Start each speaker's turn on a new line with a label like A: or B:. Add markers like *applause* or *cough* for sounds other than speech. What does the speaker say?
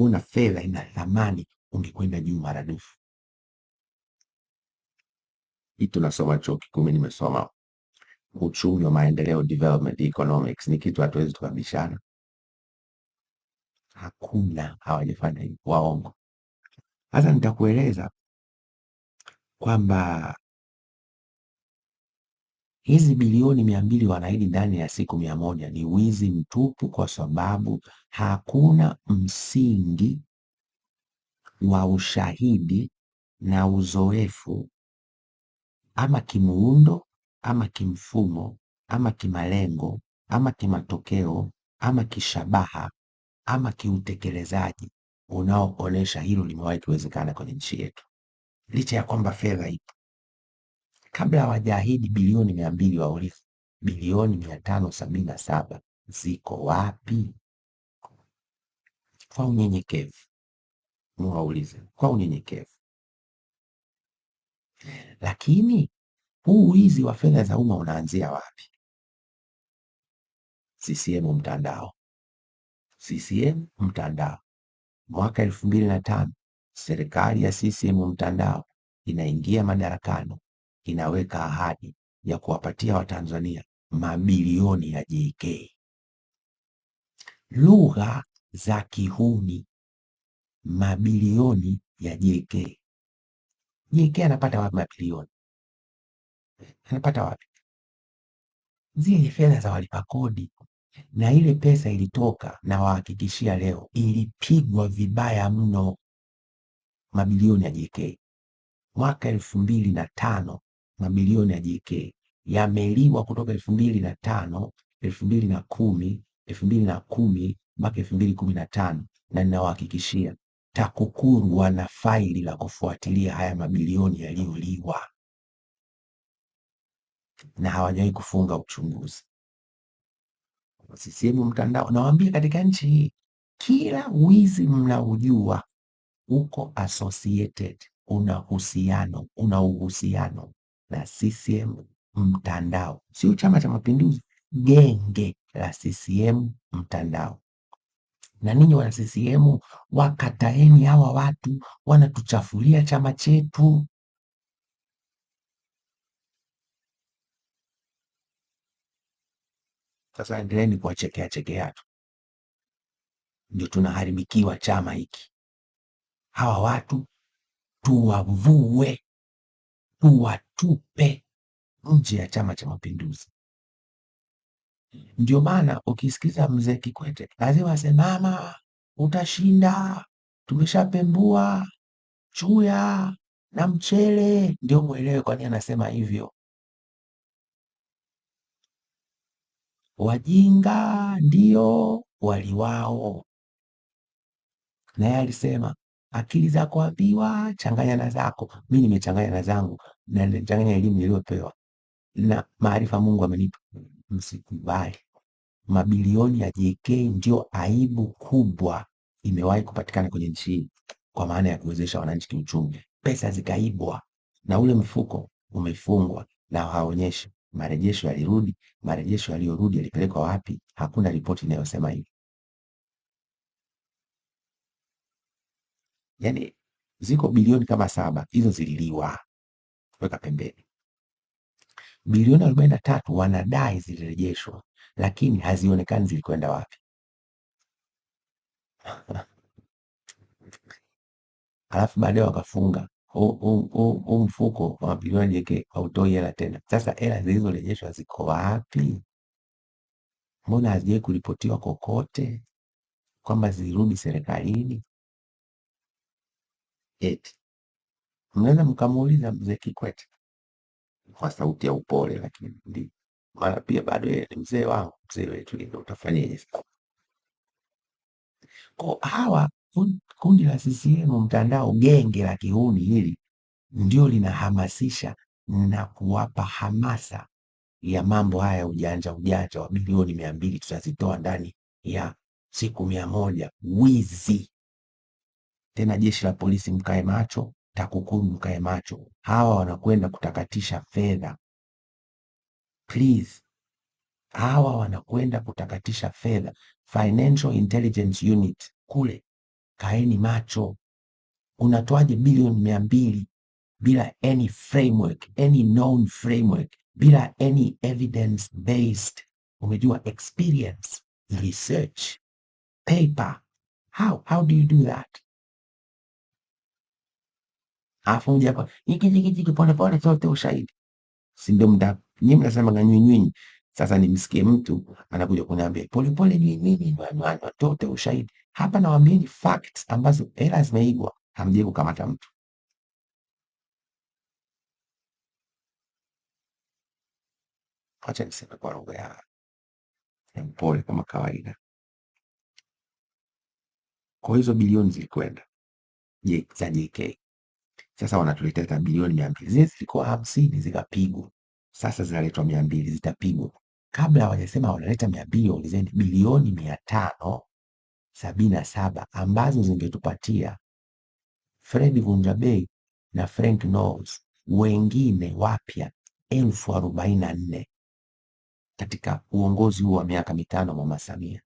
A: kuona fedha ina thamani, ungekwenda juu maradufu. Hii tunasoma chuo kikuu, nimesoma uchumi wa maendeleo, development economics. Ni kitu hatuwezi tukabishana, hakuna hawajafanya hivyo, waongo. Sasa nitakueleza kwamba Hizi bilioni mia mbili wanaahidi ndani ya siku mia moja ni wizi mtupu, kwa sababu hakuna msingi wa ushahidi na uzoefu ama kimuundo ama kimfumo ama kimalengo ama kimatokeo ama kishabaha ama kiutekelezaji unaoonyesha hilo limewahi kuwezekana kwenye nchi yetu, licha ya kwamba fedha ipo. Kabla hawajaahidi bilioni mia mbili waulize bilioni mia tano sabini na saba ziko wapi? Kwa unyenyekevu muwaulize kwa unyenyekevu. Lakini huu wizi wa fedha za umma unaanzia wapi? CCM mtandao, CCM mtandao. Mwaka elfu mbili na tano serikali ya CCM mtandao inaingia madarakani inaweka ahadi ya kuwapatia Watanzania mabilioni ya JK. Lugha za kihuni, mabilioni ya JK. JK anapata wapi mabilioni? Anapata wapi? Zile fedha za walipa kodi na ile pesa ilitoka, na wahakikishia leo ilipigwa vibaya mno. Mabilioni ya JK mwaka elfu mbili na tano mabilioni ya JK yameliwa kutoka elfu mbili na tano elfu mbili na kumi elfu mbili na kumi mpaka elfu mbili kumi na tano na ninawahakikishia TAKUKURU wana faili la kufuatilia haya mabilioni yaliyoliwa na hawajawahi kufunga uchunguzi. Sisehemu mtandao, nawaambia katika nchi hii kila wizi mnaujua uko associated, una uhusiano, una uhusiano na CCM mtandao, sio Chama cha Mapinduzi, genge la CCM mtandao. Na ninyi wana CCM wakataeni, hawa watu wanatuchafulia chama chetu. Sasa endeleni kuwachekea chekea tu, ndio tunaharibikiwa chama hiki. Hawa watu tuwavue tuwatupe nje ya Chama cha Mapinduzi. Ndio maana ukisikiza mzee Kikwete lazima asemama, utashinda, tumeshapembua chuya na mchele. Ndio mwelewe kwa nini anasema hivyo. Wajinga ndio wali wao, naye alisema akili zako ambiwa, changanya na zako. Mi nimechanganya na zangu, nachanganya elimu niliyopewa na maarifa Mungu amenipa. Msikubali. Mabilioni ya JK ndio aibu kubwa imewahi kupatikana kwenye nchi hii, kwa maana ya kuwezesha wananchi kiuchumi. Pesa zikaibwa na ule mfuko umefungwa na haonyeshi marejesho yalirudi. Marejesho yaliyorudi yalipelekwa wapi? Hakuna ripoti inayosema hivyo. yani ziko bilioni kama saba, hizo zililiwa weka pembeni. Bilioni arobaini na tatu wanadai zilirejeshwa, lakini hazionekani zilikwenda wapi. Halafu *laughs* baadaye wakafunga huu mfuko wa bilioni jeke hautoi hela tena. Sasa hela zilizorejeshwa ziko wapi? Mbona hazijai kuripotiwa kokote kwamba zirudi serikalini? eti mnaweza mkamuuliza mzee Kikwete kwa sauti ya upole, lakini ndi maana pia bado yeye ni mzee wao, mzee wetu, ndio utafanyaje Kwa hawa kundi la CCM mtandao, genge la kihuni hili ndio linahamasisha na kuwapa hamasa ya mambo haya ujanja ujanja wa bilioni mia mbili tutazitoa ndani ya siku mia moja wizi tena jeshi la polisi mkae macho, TAKUKURU mkae macho, hawa wanakwenda kutakatisha fedha. Please, hawa wanakwenda kutakatisha fedha. Financial Intelligence Unit kule kaeni macho. Unatoaje bilioni mia mbili bila any framework, any known framework, bila any evidence based, umejua experience, research, paper. How, how do you do that? Alafu mje hapa hiki hiki hiki pole pole, sote ushahidi, si ndio? Mda nyinyi mnasema na nyinyi nyinyi. Sasa nimsikie mtu anakuja kuniambia pole pole, ni nini, ndio zote ushahidi. Hapa nawaambieni facts ambazo ela zimeigwa, hamjie kukamata mtu. Acha niseme kwa lugha ya mpole kama kawaida. Kwa hizo bilioni zilikwenda je za JK sasa wanatuletea hata bilioni mia mbili zile zilikuwa hamsini zikapigwa, sasa zinaletwa mia mbili zitapigwa. Kabla hawajasema wanaleta mia mbili waulizeni bilioni mia tano sabini na saba ambazo zingetupatia Fred Vunjabei na Frank Knowles wengine wapya elfu arobaini na nne katika uongozi huu wa miaka mitano Mama Samia.